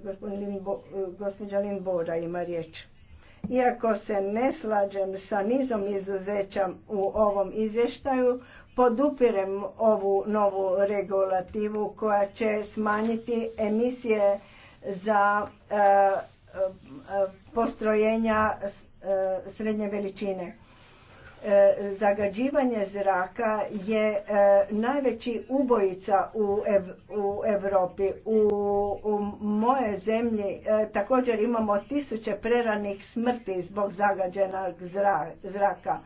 E, gospođa Limbora ima riječ. Iako se ne slađem sa nizom izuzeća u ovom izvještaju, podupirem ovu novu regulativu koja će smanjiti emisije za e, e, postrojenja srednje veličine. E, zagađivanje zraka je e, najveći ubojica u, u Europi. U, moje zemlji e, također imamo tisuće preranih smrti zbog zagađenog zraka,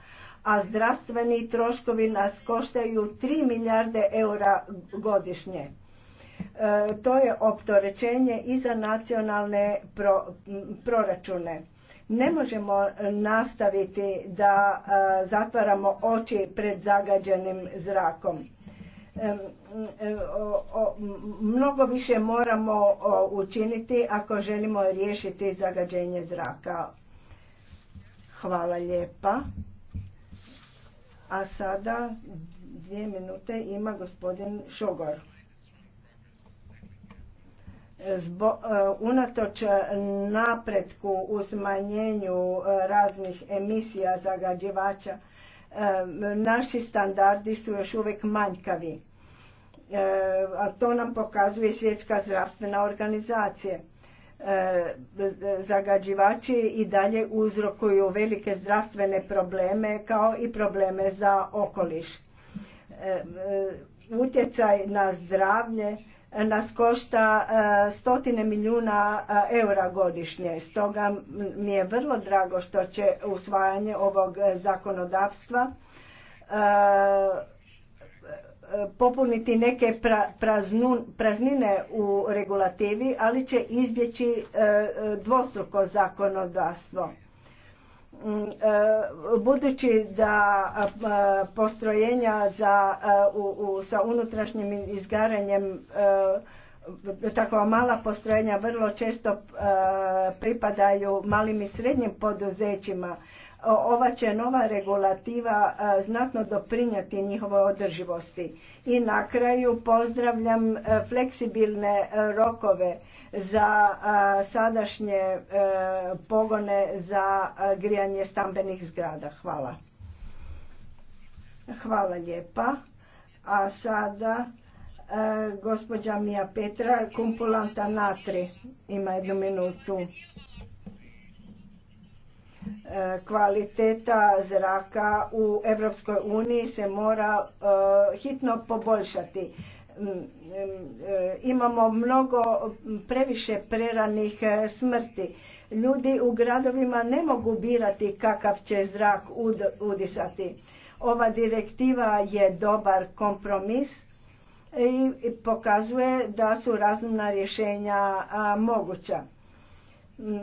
a zdravstveni troškovi nas koštaju 3 milijarde eura godišnje. To je opterećenje i za nacionalne proračune ne možemo e, nastaviti da e, zatvaramo oči pred zagađenim zrakom. E, mnogo više moramo učiniti ako želimo riješiti zagađenje zraka. Hvala lijepa. A sada dvije minute ima gospodin Šogor. E, unatoč napretku u smanjenju e, raznih emisija zagađivača, e, naši standardi su još uvijek manjkavi. A to nam pokazuje svjetska zdravstvena organizacija. Zagađivači i dalje uzrokuju velike zdravstvene probleme kao i probleme za okoliš. Utjecaj na zdravlje nas košta e, stotine milijuna e, eura godišnje. Stoga mi je vrlo drago što će usvajanje ovog e, zakonodavstva popuniti neke praznine u regulativi, ali će izbjeći dvostruko zakonodavstvo. Mm, e, budući da e, postrojenja za, e, u, sa unutrašnjim izgaranjem takva mala postrojenja vrlo često pripadaju malim i srednjim poduzećima ova će nova regulativa znatno doprinjati njihovoj održivosti. I na kraju pozdravljam fleksibilne rokove za sadašnje e, pogone za grijanje stambenih zgrada. Hvala. Hvala lijepa. A sada e, gospođa Mija Petra, kumpulanta Natri, ima jednu minutu. E, kvaliteta zraka u EU uniji se mora hitno poboljšati Mm, e, imamo mnogo previše preranih e, smrti. Ljudi u gradovima ne mogu birati kakav će zrak udisati. Ova direktiva je dobar kompromis i pokazuje da su razumna rješenja moguća. Mm, e,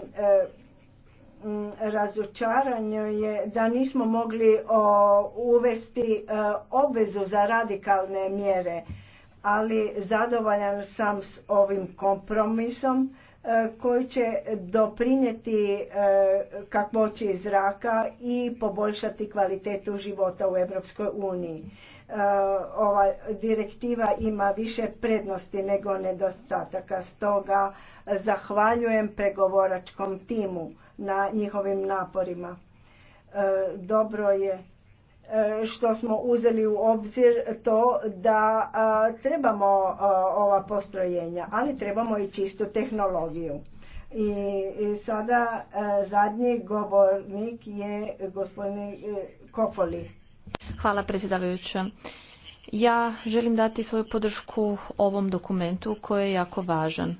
mm, razočaranje je da nismo mogli uvesti obvezu za radikalne mjere ali zadovoljan sam s ovim kompromisom e, koji će doprinijeti e, kakvoći zraka i poboljšati kvalitetu života u Europskoj uniji. E, ova direktiva ima više prednosti nego nedostataka, stoga zahvaljujem pregovoračkom timu na njihovim naporima. Dobro je E, što smo uzeli u obzir to da trebamo ova postrojenja, ali trebamo i čistu tehnologiju. I, sada e, zadnji govornik je gospodin e, Kofoli. Hvala predsjedavajuća. Ja želim dati svoju podršku ovom dokumentu koji je jako važan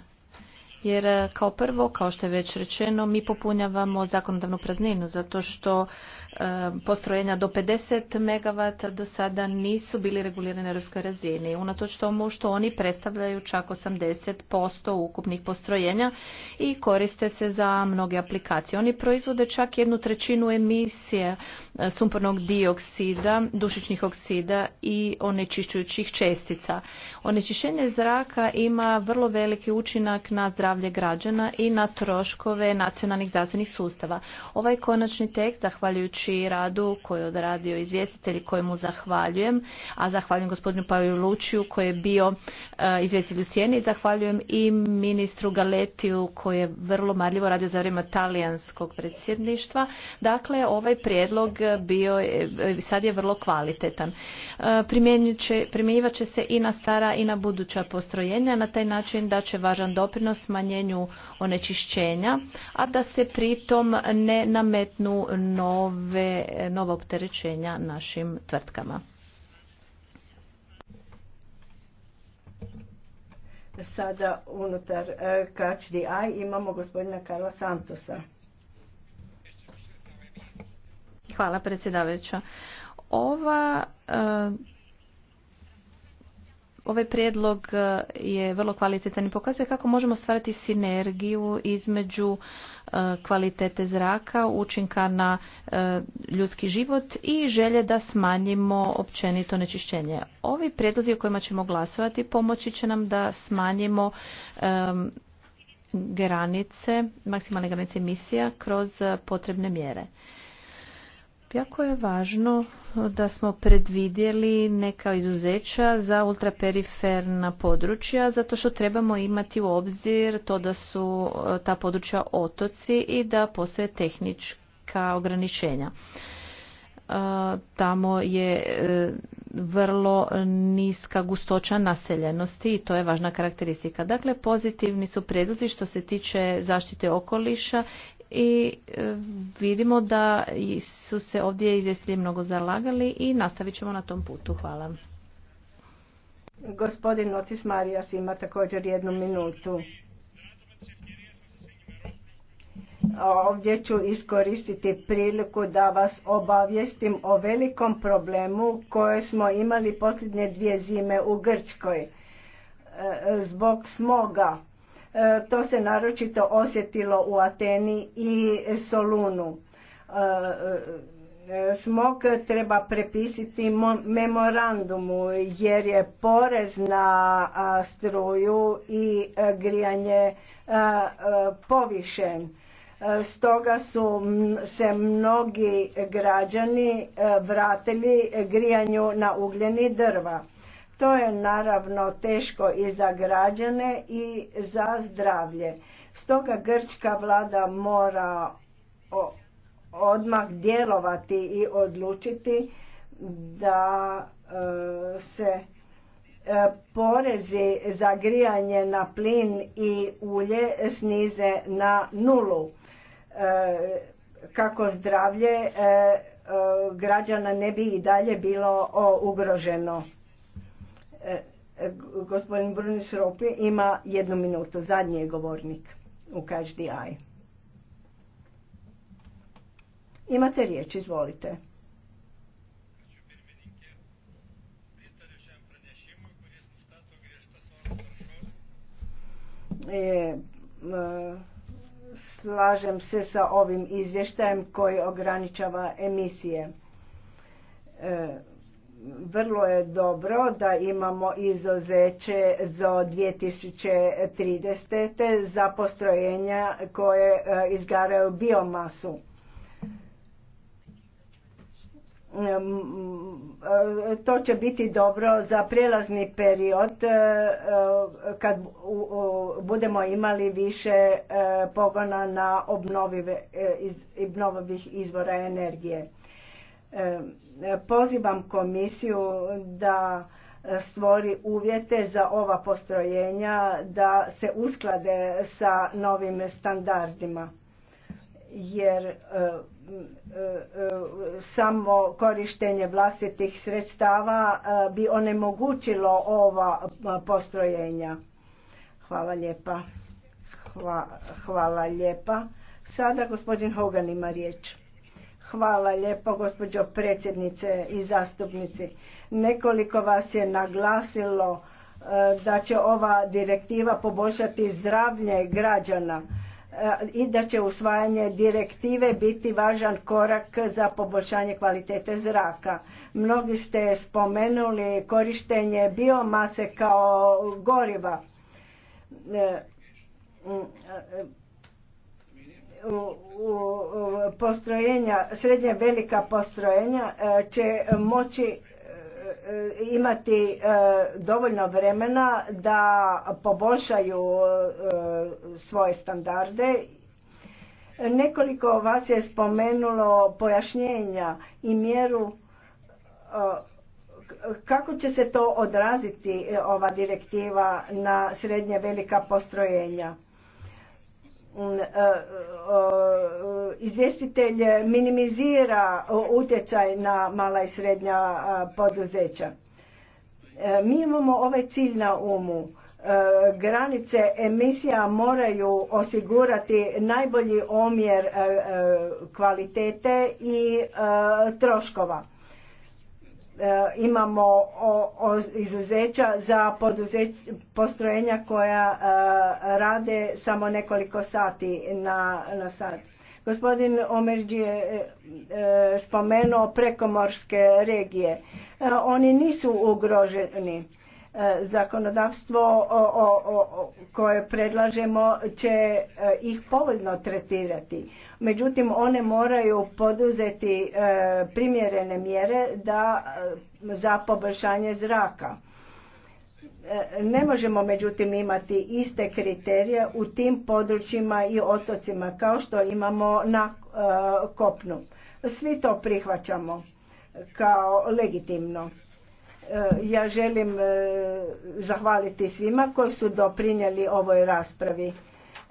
jer e, kao prvo, kao što je već rečeno, mi popunjavamo zakonodavnu prazninu zato što e, postrojenja do 50 MW do sada nisu bili regulirani na europskoj razini. Unatoč tomu što oni predstavljaju čak 80% ukupnih postrojenja i koriste se za mnoge aplikacije. Oni proizvode čak jednu trećinu emisije e, sumpornog dioksida, dušičnih oksida i onečišćujućih čestica. Onečišćenje zraka ima vrlo veliki učinak na zdravlje zdravlje građana i na troškove nacionalnih zdravstvenih sustava. Ovaj konačni tekst, zahvaljujući radu koji je odradio izvjestitelj kojemu zahvaljujem, a zahvaljujem gospodinu Paviju Lučiju koji je bio e, izvjestitelj u Sjeni, zahvaljujem i ministru Galetiju koji je vrlo marljivo radio za vrijeme talijanskog predsjedništva. Dakle, ovaj prijedlog bio, je, sad je vrlo kvalitetan. E, primjenjivat će se i na stara i na buduća postrojenja na taj način da će važan doprinos smanjenju onečišćenja, a da se pritom ne nametnu nove, nova opterećenja našim tvrtkama. Sada unutar KHDI e, imamo gospodina Karla Santosa. Hvala predsjedavajuća. Ova e, Ovaj prijedlog e, je vrlo kvalitetan i pokazuje kako možemo stvarati sinergiju između e, kvalitete zraka, učinka na e, ljudski život i želje da smanjimo općenito nečišćenje. Ovi prijedlozi o kojima ćemo glasovati pomoći će nam da smanjimo granice, maksimalne granice emisija kroz potrebne mjere. Jako je važno da smo predvidjeli neka izuzeća za ultraperiferna područja zato što trebamo imati u obzir to da su e, ta područja otoci i da postoje tehnička ograničenja. E, tamo je e, vrlo niska gustoća naseljenosti i to je važna karakteristika. Dakle, pozitivni su predlozi što se tiče zaštite okoliša i e, vidimo da su se ovdje izvjestitelji mnogo zalagali i nastavit ćemo na tom putu. Hvala. Gospodin Otis Marijas ima također jednu minutu. Ovdje ću iskoristiti priliku da vas obavijestim o velikom problemu koje smo imali posljednje dvije zime u Grčkoj. E, zbog smoga E, to se naročito osjetilo u Ateni i Solunu. E, e, smog treba prepisiti memorandumu jer je porez na struju i grijanje povišen. Stoga su se mnogi građani vratili grijanju na ugljeni drva to je naravno teško i za građane i za zdravlje. Stoga grčka vlada mora odmah djelovati i odlučiti da e, se e, porezi za grijanje na plin i ulje snize na nulu e, kako zdravlje građana ne bi i dalje bilo ugroženo. E, e, gospodin Brunis Ropi ima jednu minutu. Zadnji je govornik u KHDI. Imate riječ, izvolite. E, slažem se sa ovim izvještajem koji ograničava emisije vrlo je dobro da imamo izuzeće za 2030. za postrojenja koje eh, izgaraju biomasu. Mm, eh, to će biti dobro za prijelazni period eh, kad budemo imali više pogona na obnovivih izvora energije Pozivam komisiju da stvori uvjete za ova postrojenja da se usklade sa novim standardima jer e, e, e, samo korištenje vlastitih sredstava bi onemogućilo ova postrojenja. Hvala lijepa. hvala lijepa. Sada gospodin Hogan ima riječ. Hvala lijepo gospođo predsjednice i zastupnici. Nekoliko vas je naglasilo e, da će ova direktiva poboljšati zdravlje građana e, i da će usvajanje direktive biti važan korak za poboljšanje kvalitete zraka. Mnogi ste spomenuli korištenje biomase kao goriva e, postrojenja, srednje velika postrojenja e, će moći e, e, imati dovoljno vremena da poboljšaju svoje standarde. Nekoliko vas je spomenulo pojašnjenja i mjeru kako će se to odraziti ova direktiva na srednje velika postrojenja. Mm, e, e, izvjestitelj minimizira utjecaj na mala i srednja poduzeća. E, mi imamo ovaj cilj na umu. Granice emisija moraju osigurati najbolji omjer kvalitete i troškova E, imamo izuzeća za postrojenja koja e, rade samo nekoliko sati na, na sat. Gospodin Omerđi je e, spomenuo prekomorske regije. Oni nisu ugroženi E, zakonodavstvo koje predlažemo će e, ih povoljno tretirati. Međutim, one moraju poduzeti e, primjerene mjere da za poboljšanje zraka. Ne možemo međutim imati iste kriterije u tim područjima i otocima kao što imamo na kopnu. Svi to prihvaćamo kao legitimno. Ja želim e, zahvaliti svima koji su doprinijeli ovoj raspravi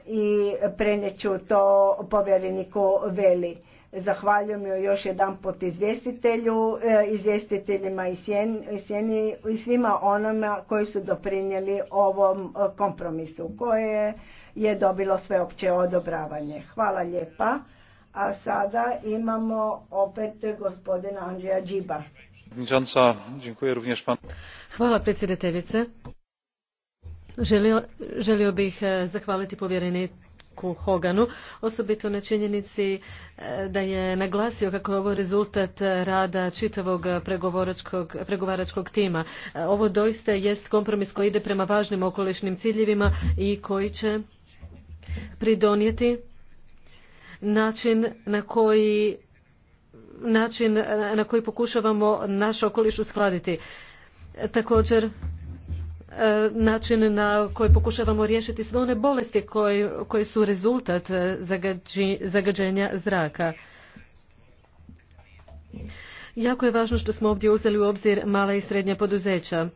i preneću to povjereniku Veli. Zahvaljujem joj još jedan pot izvjestitelju, e, izvjestiteljima i sjeni i svima onima koji su doprinijeli ovom kompromisu koje je dobilo sveopće odobravanje. Hvala lijepa. A sada imamo opet gospodina Andrija Džiba. Hvala predsjedateljice. Želio, bih e, zahvaliti povjereniku Hoganu, osobito na činjenici e, da je naglasio kako je ovo rezultat rada čitavog pregovaračkog, pregovaračkog tima. E, ovo doista jest kompromis koji ide prema važnim okolišnim ciljevima i koji će pridonijeti način na koji način e, na koji pokušavamo naš okoliš uskladiti. Također, e, način na koji pokušavamo riješiti sve one bolesti koje, su rezultat e, zagađenja zraka. Jako je važno što smo ovdje uzeli u obzir mala i srednja poduzeća.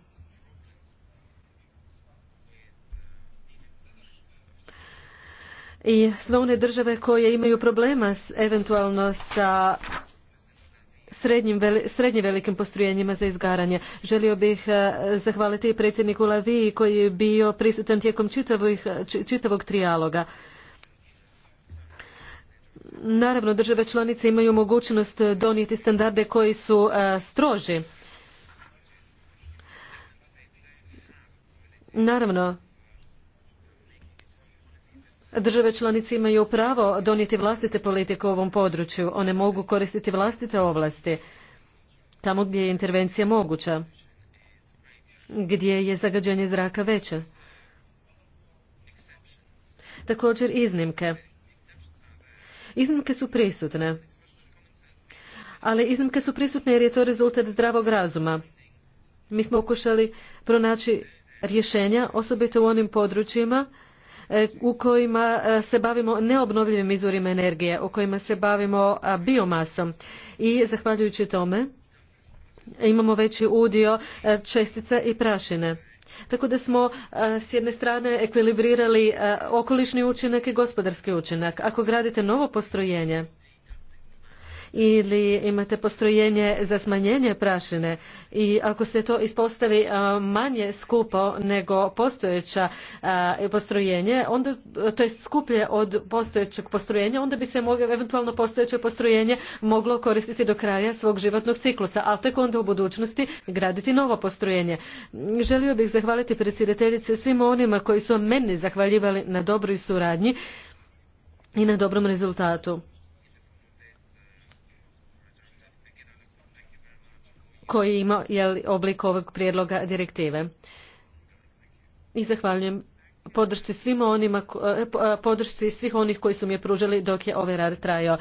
I sve one države koje imaju problema s, eventualno sa srednjim, srednje velikim postrojenjima za izgaranje. Želio bih e, zahvaliti predsjedniku Laviji koji je bio prisutan tijekom čitavog, čitavog trijaloga. Naravno, države članice imaju mogućnost donijeti standarde koji su e, stroži. Naravno, Države članice imaju pravo donijeti vlastite politike u ovom području. One mogu koristiti vlastite ovlasti tamo gdje je intervencija moguća, gdje je zagađenje zraka veće. Također iznimke. Iznimke su prisutne, ali iznimke su prisutne jer je to rezultat zdravog razuma. Mi smo pokušali pronaći rješenja, osobito u onim područjima E, u kojima e, se bavimo neobnovljivim izvorima energije, u kojima se bavimo biomasom i zahvaljujući tome imamo veći udio e, čestica i prašine. Tako da smo s jedne strane ekvilibrirali okolišni učinak i gospodarski učinak. Ako gradite novo postrojenje, ili imate postrojenje za smanjenje prašine i ako se to ispostavi manje skupo nego postojeća postrojenje, onda, to je skuplje od postojećeg postrojenja, onda bi se moglo, eventualno postojeće postrojenje moglo koristiti do kraja svog životnog ciklusa, ali tek onda u budućnosti graditi novo postrojenje. Želio bih zahvaliti predsjedateljice svim onima koji su meni zahvaljivali na dobroj suradnji i na dobrom rezultatu. koji ima oblik ovog prijedloga direktive. I zahvaljujem podršci svima onima eh, eh, podršci svih onih koji su mi je pružili dok je ovaj rad trajao.